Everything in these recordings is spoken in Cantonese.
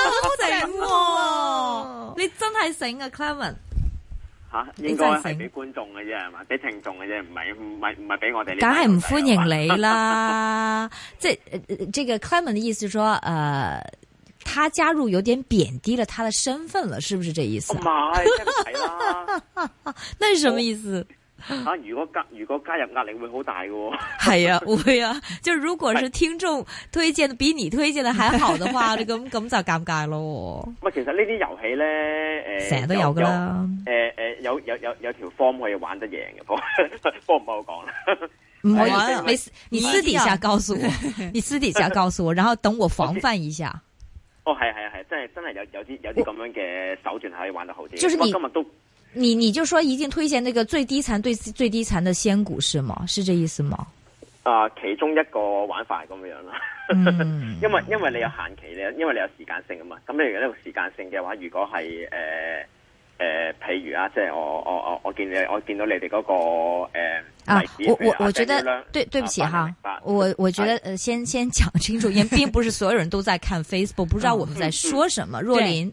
好你真係醒啊 Clement 吓，啊，應該係俾觀眾嘅啫，係嘛？俾聽眾嘅啫，唔係唔係唔係俾我哋。梗係唔歡迎你啦！即係， 呢、這個 Clement 的意思就是說，誒、呃，他加入有點貶低了他的身份了，是不是這意思？媽呀！係那是什麼意思？ 啊，如果加如果加入壓力會好大嘅，係啊會啊，就如果是聽眾推薦比你推薦的還好的話，咁咁就尷尬咯。其實呢啲遊戲咧，誒，成日都有噶啦。誒誒，有有有有條 form 可以玩得贏嘅，我唔好講啦。唔好啊，你私你私底下告訴我，你私底下告訴我，然後等我防範一下。哦，係係係，真係真係有有啲有啲咁樣嘅手段可以玩得好啲。今日都。你你就說一定推薦那個最低殘、最最低殘的仙股是嗎？是這意思嗎？啊，其中一個玩法係咁樣啦，因為因為你有限期咧，因為你有時間性啊嘛。咁你如果呢個時間性嘅話，如果係誒誒，譬如啊，即係我我我我見你，我見到你哋嗰個誒，我我我覺得對對不起哈，我我覺得先先講清楚，因為並不是所有人都在看 Facebook，不知道我們在說什麼。若琳。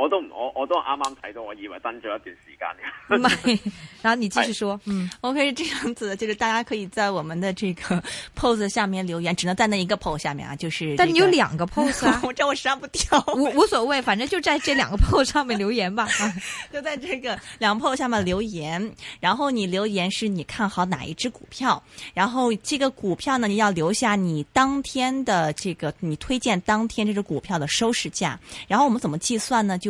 我都我我都啱啱睇到，我以為登咗一段時間嘅。唔係，然後你繼續說，嗯是，OK，這樣子，就是大家可以在我們的這個 p o s e 下面留言，只能在那一個 p o s e 下面啊，就是，這個。但你有兩個 p o s e 啊，嗯，我這我刪不掉。無無所謂，反正就在這兩個 p o s e 上面留言吧， 就在這個兩個 p o s e 下面留言。然後你留言是你看好哪一隻股票，然後這個股票呢，你要留下你當天的這個你推薦當天這隻股票的收市價。然後我們怎麼計算呢？就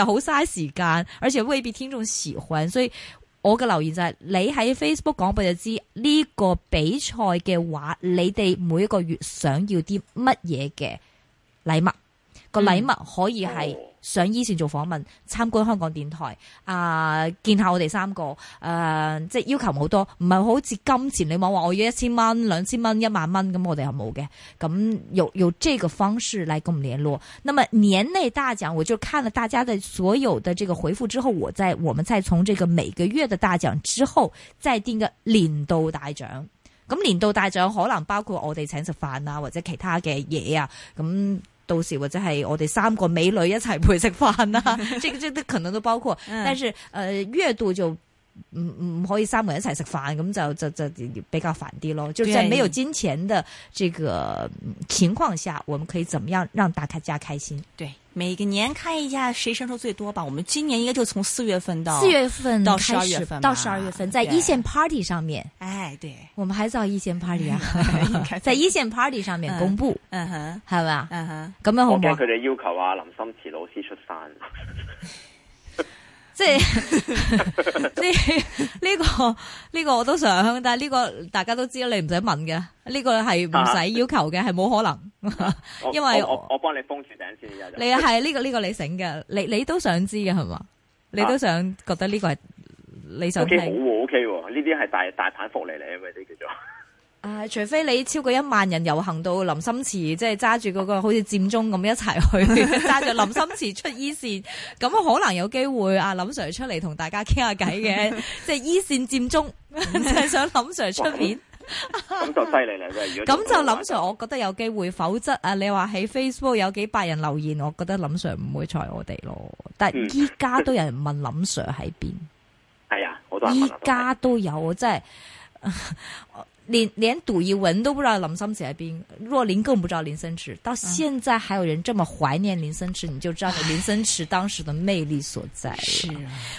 又好嘥時間，而且未必聽眾喜歡，所以我嘅留言就係、是、你喺 Facebook 講，俾我就知呢、這個比賽嘅話，你哋每一個月想要啲乜嘢嘅禮物，個禮、嗯、物可以係。上以前做訪問，參觀香港電台，啊、呃，見下我哋三個，誒、呃，即係要求唔好多，唔係好似金錢你冇話我要一千蚊、兩千蚊、一萬蚊咁，我哋又冇嘅，咁有有這個方式嚟，咁聯絡。那麼年內大獎，我就看了大家的所有的這個回覆之後，我再，我們再從這個每個月的大獎之後，再定個年度大獎。咁、嗯、年度大獎可能包括我哋請食飯啊，或者其他嘅嘢啊，咁、嗯。到時或者係我哋三個美女一齊陪食飯啦，即係即係都可能都包括，但是誒月度就。嗯嗯，可以三個人一齊食飯，咁，就就就比較煩啲咯。就在沒有金錢的這個情況下，我們可以怎麼樣讓大家開心？對，每個年看一下誰勝收最多吧。我們今年應該就從四月份到四月份到十二月份到十二月份，在一線 party 上面。哎，對，我們還造一線 party 啊， 在一線 party 上面公布，嗯哼、uh, uh，好、huh, 吧，嗯哼，咁、huh. 樣好唔好？我驚佢哋要求啊，林森池老師出山。 即係呢呢個呢、這個我都想，但係呢個大家都知啦，你唔使問嘅，呢、這個係唔使要求嘅，係冇、啊、可能，啊、因為我我幫你封住頂先。你係呢 、這個呢、這個你醒嘅，你你都想知嘅係嘛？你都想覺得呢個係你想，okay, 好喎 OK 喎，呢啲係大大盤福利嚟啊嘛，呢叫做。啊，除非你超過一萬人遊行到林心慈，即係揸住嗰個好似佔中咁一齊去，揸住 林心慈出 E 線，咁 可能有機會啊，林 Sir 出嚟同大家傾下偈嘅，即係 E 線佔中， 嗯、就係、是、想林 Sir 出面，咁就犀利啦！咁 就林 Sir，我覺得有機會，否則啊，你話喺 Facebook 有幾百人留言，我覺得林 Sir 唔會睬我哋咯。但係依家都有人問林 Sir 喺邊？係啊、 哎，我依家都有，即係。 啊連連賭一文都不知道，林森池喺邊？若琳更不知道林森池。到現在還有人這麼懷念林森池，你就知道林森池當時的魅力所在。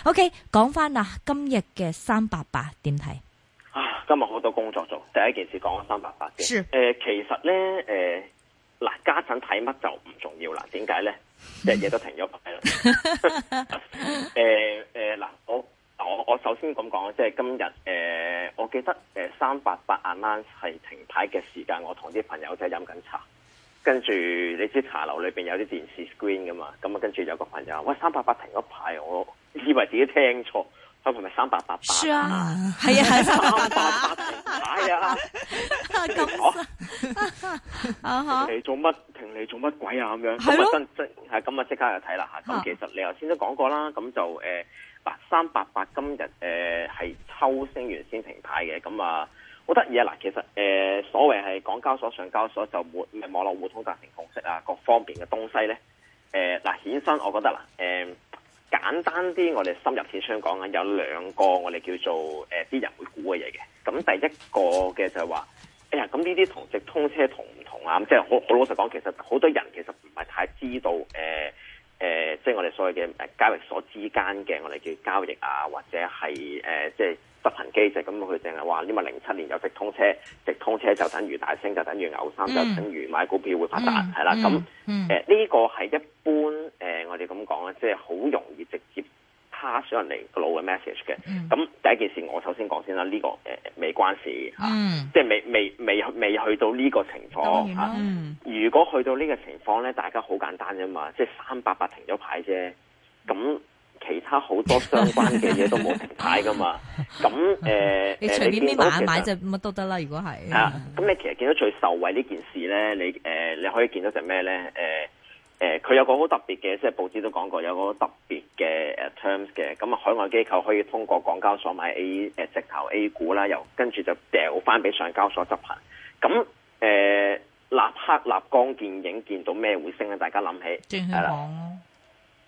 O K，講翻啦，今日嘅三八八點睇。啊，今日好多工作做，第一件事講三八八嘅。誒是、呃，其實咧，誒、呃，嗱，家陣睇乜就唔重要了為什麼 啦。點解咧？即係嘢都停咗牌啦。誒誒，嗱，我我我首先咁講，即係今日誒。呃記得誒、呃、三八八啱啱係停牌嘅時間，我同啲朋友仔飲緊茶，跟住你知茶樓裏邊有啲電視 screen 噶嘛，咁啊，跟住有個朋友，喂，三八八停咗牌，我以為自己聽錯，係咪三八八,八八？係啊，係啊，係、啊、三八,八八停牌啊，咁啊，啊好， 你做乜？你做乜鬼啊？咁樣咁啊，即即係咁啊，即刻又睇啦吓，咁其實你頭先都講過啦，咁就、呃、三八八今日係抽升完先停牌嘅，咁啊好得意啊！嗱，其實、呃、所謂係港交所上交所就互誒網絡互通達成共識啊，各方面嘅東西咧誒嗱顯身，我覺得啦誒、呃、簡單啲，我哋深入淺出講緊有兩個我哋叫做啲、呃、人會估嘅嘢嘅，咁第一個嘅就係話。哎呀，咁呢啲同直通車同唔同啊？即係好好老實講，其實好多人其實唔係太知道，誒即係我哋所謂嘅交易所之間嘅我哋叫交易啊，或者係即係執行機制。咁佢淨係話，因為零七年有直通車，直通車就等於大升，就等於牛市，就等於買股票會發達，係啦、嗯。咁、嗯、呢、嗯嗯嗯、個係一般誒、呃，我哋咁講咧，即係好容易直接。差少人嚟個腦嘅 message 嘅，咁第一件事我首先講先啦，呢、這個誒未、呃、關事、嗯啊，即係未未未未去到呢個情況。當、啊、如果去到呢個情況咧，大家好簡單啫嘛，即係三百八停咗牌啫，咁其他好多相關嘅嘢都冇停牌噶嘛，咁誒， 呃、你隨便啲買買隻乜都得啦。如果係嚇，咁、啊、你其實見到最受惠呢件事咧，你誒、呃、你可以見到隻咩咧？誒、呃。誒佢、呃、有個好特別嘅，即係報紙都講過有個好特別嘅誒 terms 嘅，咁、呃、啊海外機構可以通過港交所買 A 直、呃、投 A 股啦，又跟住就掉翻俾上交所執行，咁誒、呃、立刻立竿見影，見到咩會升咧？大家諗起？係、啊、啦，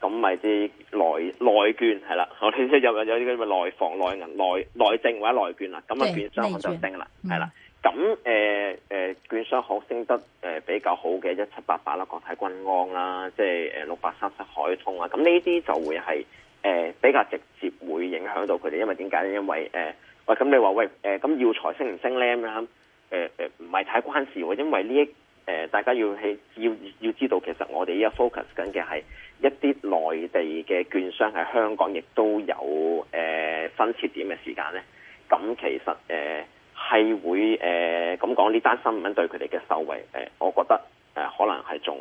咁咪啲內內券係啦，我哋即係有有啲咁嘅內房內銀內內證或者內券啦，咁啊變相就升啦，係啦。咁誒誒，券商學升得、呃、比較好嘅一七八八啦，國泰君安啦、啊，即係誒、呃、六八三七海通啊，咁呢啲就會係誒、呃、比較直接會影響到佢哋，因為點解咧？因為誒、呃，喂，咁你話喂咁、呃、要材升唔升咧咁樣？誒、呃、誒，唔、呃、係太關事喎，因為呢一誒，大家要要要知道，其實我哋依家 focus 緊嘅係一啲內地嘅券商喺香港亦都有誒分、呃、設點嘅時間咧。咁、啊、其實誒。呃係會誒咁講，呢單新聞對佢哋嘅收惠誒、呃，我覺得誒、呃、可能係仲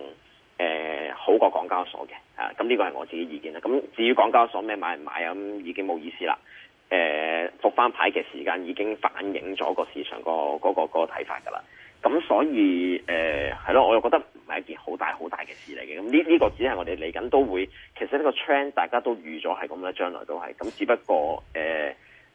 誒好過港交所嘅。啊，咁呢個係我自己意見啦。咁、啊、至於港交所咩買唔買啊，咁、嗯、已經冇意思啦。誒、呃，復翻牌嘅時間已經反映咗個市場、嗰個嗰、嗰個、嗰個睇法噶啦。咁所以誒係咯，我又覺得唔係一件好大好大嘅事嚟嘅。咁呢呢個只係我哋嚟緊都會，其實呢個 trend 大家都預咗係咁啦，將來都係咁。只不過誒。呃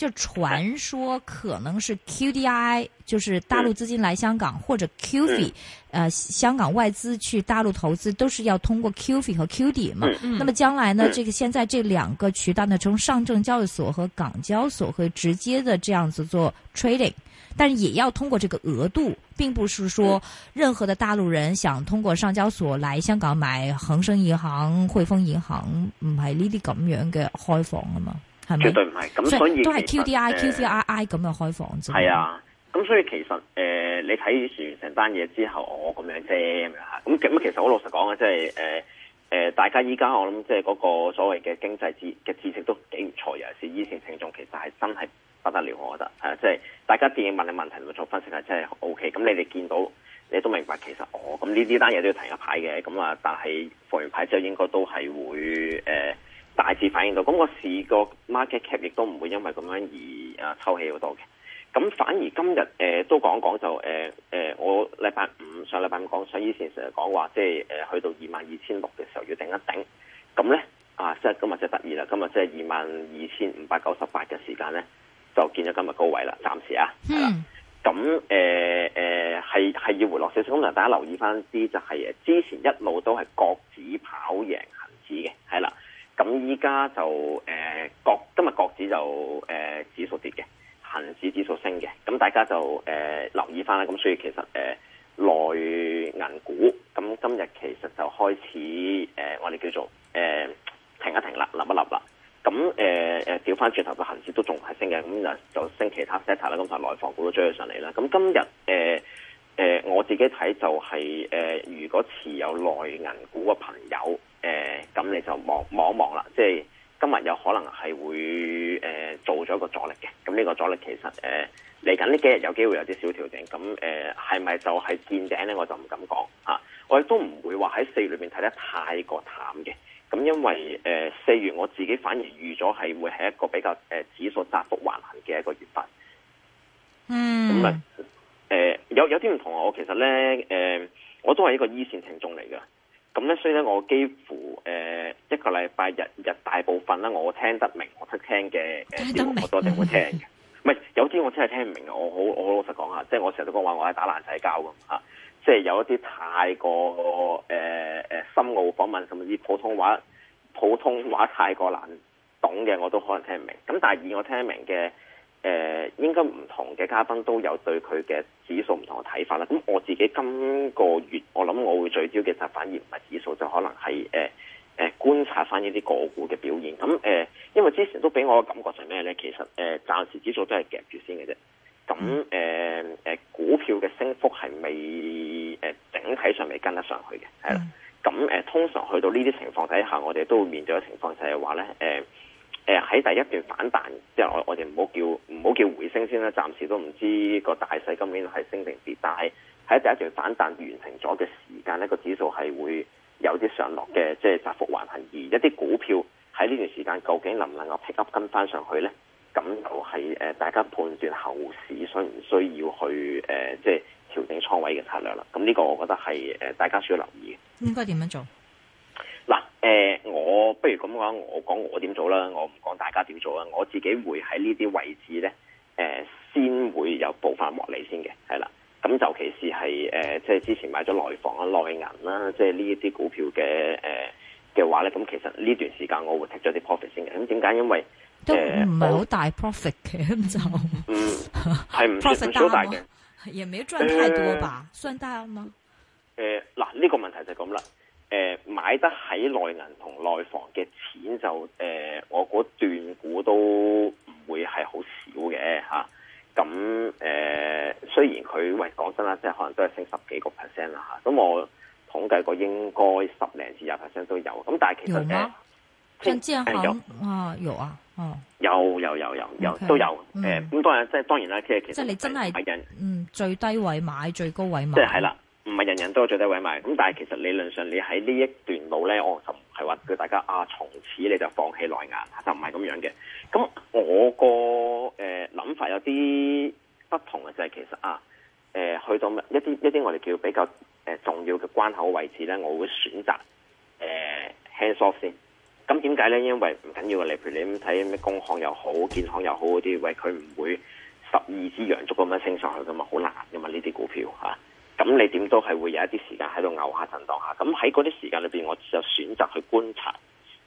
就傳說可能是 QDI，就是大陸資金來香港、嗯、或者 QFI，呃，香港外資去大陸投資都是要通過 QFI 和 QD 嘛。嗯嗯、那麼將來呢，這個現在這兩個渠道呢，從上證交易所和港交所會直接的這樣子做 trading，但是也要通過這個額度，並不是說任何的大陸人想通過上交所來香港買恒生銀行、匯豐銀行，唔係呢啲咁樣嘅開放啊嘛。絕對唔係，咁所以都係 QDII、QDRI 咁嘅開放。係啊，咁所以其實誒，你睇完成單嘢之後，我咁樣啫咁咁咁，其實我老實講嘅，即係誒大家依家我諗即係嗰個所謂嘅經濟嘅知識都幾唔錯。尤其是以前聽眾，其實係真係不得了，我覺得即係、啊就是、大家點樣問你問題同做分析係真係 O K。咁、就是 OK, 你哋見到你都明白，其實我咁呢啲單嘢都要停一排嘅。咁啊，但係放完牌之後應該都係會誒。呃大致反映到，咁我試過 market cap 亦都唔會因為咁樣而、啊、抽起好多嘅，咁反而今日誒、呃、都講講就誒誒、呃呃、我禮拜五上禮拜五講，所以以前成日講話即係誒、呃、去到二萬二千六嘅時候要頂一頂咁咧，啊即係今日就得意啦，今日即係二萬二千五百九十八嘅時間咧就見咗今日高位啦，暫時啊，咁誒誒係係要回落少少，咁啊大家留意翻啲就係、是、誒之前一路都係國指跑贏恒指嘅，係啦。咁依家就誒、呃、國今日國、呃、指就誒指數跌嘅，恒指指數升嘅，咁大家就誒、呃、留意翻啦。咁所以其實誒內銀股，咁今日其實就開始誒、呃、我哋叫做誒、呃、停一停啦，立一立啦。咁誒誒調翻轉頭個恒指都仲係升嘅，咁就就升其他 set 啦，咁同內房股都追咗上嚟啦。咁今日誒、呃呃、我自己睇就係、是、誒、呃、如果持有內銀股嘅朋友。誒，咁、呃、你就望望一望啦，即係今日有可能係會誒、呃、做咗個阻力嘅。咁呢個阻力其實誒嚟緊呢幾日有機會有啲小調整，咁誒係咪就係見頂咧？我就唔敢講吓、啊，我亦都唔會話喺四月裏邊睇得太過淡嘅，咁因為誒四、呃、月我自己反而預咗係會係一個比較誒、呃、指數窄幅橫行嘅一個月份，嗯，咁啊誒有有啲唔同，我其實咧誒、呃、我都係一個一線聽眾嚟嘅。咁咧，所以咧，我幾乎誒、呃、一個禮拜日日大部分咧，我聽得明，我識聽嘅誒，呃、聽我都一定會聽嘅。唔係、嗯、有啲我真係聽唔明，我好我好老實講、就是、啊，即係我成日都講話我係打爛仔交嘅嚇，即係有一啲太過誒誒、呃、深奧訪問甚至普通話普通話太過難懂嘅，我都可能聽唔明。咁第二，我聽得明嘅。誒、呃、應該唔同嘅嘉賓都有對佢嘅指數唔同嘅睇法啦。咁我自己今個月我諗我會聚焦嘅，就反而唔係指數，就係、可能係誒誒觀察翻呢啲個股嘅表現。咁誒、呃，因為之前都俾我嘅感覺係咩咧？其實誒、呃、暫時指數都係夾住先嘅啫。咁誒誒股票嘅升幅係未誒整、呃、體上未跟得上去嘅，係啦、嗯。咁誒、呃、通常去到呢啲情況底下，我哋都會面對嘅情況就係話咧誒。呃誒，喺、呃、第一段反彈即係，我我哋唔好叫唔好叫回升先啦，暫時都唔知個大勢今年係升定跌。但係喺第一段反彈完成咗嘅時間呢，呢、呢個指數係會有啲上落嘅，即係窄幅橫行。而一啲股票喺呢段時間，究竟能唔能夠 pick up 跟翻上去呢？咁就係誒，大家判斷後市需唔需要去誒、呃，即係調整倉位嘅策略啦。咁呢個我覺得係誒，大家需要留意嘅。應該點樣做？誒、呃，我不如咁講，我講我點做啦，我唔講大家點做啦。我自己會喺呢啲位置咧，誒、呃，先會有部分獲利先嘅，係啦。咁就其實係誒，即、呃、係之前買咗內房內銀啊、內銀啦，即係呢一啲股票嘅誒嘅話咧，咁其實呢段時間我會 take 咗啲 profit 先嘅。咁點解？因為都唔係好大 profit 嘅，就嗯係唔唔少大嘅、啊，也未賺太多吧？呃、算大啊嘛？誒、呃，嗱，呢、這個問題就咁啦。誒，買得喺內銀同內房嘅錢就誒，我估嗰段股都唔會係好少嘅吓。咁、啊、誒、啊，雖然佢喂講真啦，即係可能都係升十幾個 percent 啦吓。咁、啊、我統計過應該十零嗎實至廿 percent 都有。咁但係其實誒，即係有啊，有啊，哦，有有有有有都有誒。咁當然即係當然啦，即係其實你真係人嗯最低位買，最高位買，即係係啦。唔係人人都最低位買，咁但係其實理論上你喺呢一段路呢，我就唔係話叫大家啊，從此你就放棄內眼，就唔係咁樣嘅。咁我個誒諗法有啲不同嘅，就係、是、其實啊誒、呃、去到一啲一啲我哋叫比較誒重要嘅關口位置呢，我會選擇誒輕縮先。咁點解呢？因為唔緊要嘅，例如你咁睇咩工行又好，建行又好嗰啲位，佢唔會十二支陽燭咁樣升上去噶嘛，好難噶嘛，呢啲股票嚇。啊。咁你點都係會有一啲時間喺度嘔下震盪下，咁喺嗰啲時間裏邊，我就選擇去觀察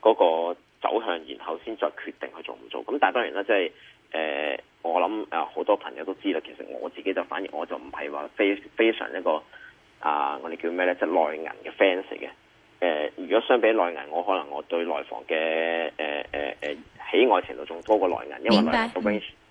嗰個走向，然後先再決定去做唔做。咁但係當然啦，即係誒，我諗啊好多朋友都知道，其實我自己就反而我就唔係話非非常一個啊、呃，我哋叫咩咧，即係內銀嘅 fans 嚟嘅。誒、呃，如果相比內銀，我可能我對內房嘅誒誒誒喜愛程度仲多過內銀，因為內銀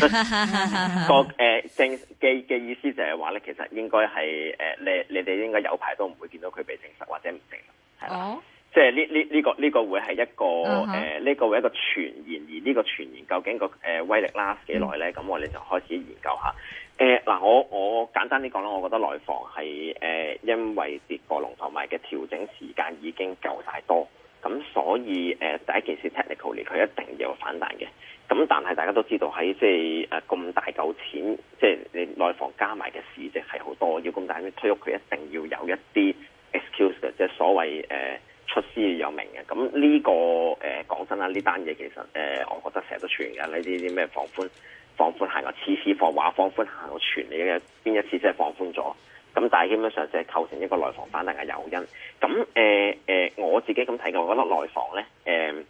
個誒、 呃、正嘅嘅意思就係話咧，其實應該係誒你你哋應該有排都唔會見到佢被證實或者唔證實，係啦、哦、即係呢呢呢個呢、這個這個會係一個誒呢、嗯哼呃這個會一個傳言，而、這、呢個傳言究竟個誒、呃、威力 last 幾耐咧？咁、嗯、我哋就開始研究下。誒、呃、嗱，我我簡單啲講啦，我覺得內房係誒、呃、因為跌過龍同埋嘅調整時間已經夠晒多。咁所以誒、呃、第一件事 technical 嚟，佢一定要反彈嘅。咁但係大家都知道喺即係誒咁大嚿錢，即係你內房加埋嘅市值係好多，要咁大嘅推喐，佢一定要有一啲 excuse 嘅，即係所謂誒、呃、出師有名嘅。咁呢、呢個誒講、呃、真啦，呢單嘢其實誒、呃、我覺得成日都傳嘅，呢啲啲咩放寬放寬限我次次放話放寬限我傳你嘅邊一次即係放寬咗？咁但係基本上就係構成一個內房反彈嘅誘因。咁誒誒，我自己咁睇嘅，我覺得內房咧，誒、呃、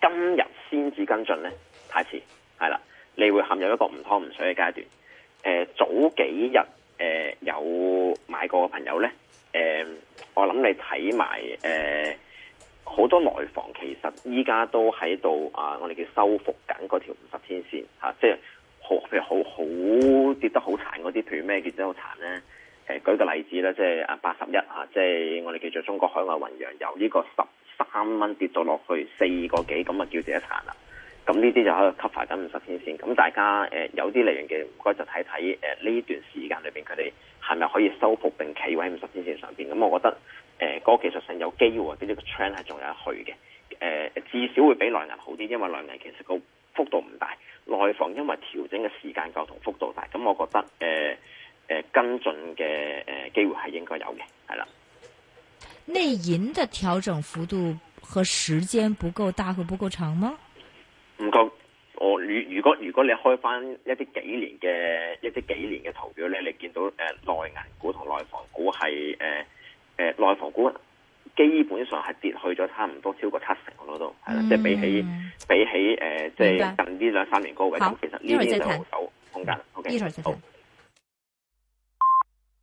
今日先至跟進咧，太遲，係啦，你會陷入一個唔湯唔水嘅階段。誒、呃、早幾日誒、呃、有買過嘅朋友咧，誒、呃、我諗你睇埋誒好多內房，其實依家都喺度啊！我哋叫修復緊嗰條五十天線吓，即係好譬如好好跌得好慘嗰啲，譬如咩叫得好慘咧？誒舉個例子啦，即係啊八十一嚇，即係我哋叫做中國海外宏洋由呢個十三蚊跌到落去四個幾，咁啊叫自己一層啦。咁呢啲就喺度 cover 緊五十天線。咁大家誒、呃、有啲嚟源嘅唔該，就睇睇誒呢段時間裏邊佢哋係咪可以收復並企位五十天線上邊。咁、嗯、我覺得誒嗰、呃那個技術上有機會，呢、這個趨勢係仲有一去嘅。誒、呃、至少會比內銀好啲，因為內銀其實個幅度唔大，內房因為調整嘅時間夠同幅度大。咁、嗯、我覺得誒。呃誒、呃，跟進嘅，誒機會係應該有嘅，係啦。內銀嘅調整幅度和時間不夠大和不夠長嗎？唔夠，我如如果如果你開翻一啲幾年嘅一啲幾年嘅圖表咧，你見到誒內銀股同內房股係誒誒內房股基本上係跌去咗差唔多超過七成咯，都係啦。即係比起比起誒即係近呢兩三年高位咁，好其實呢度就有防守空間。好。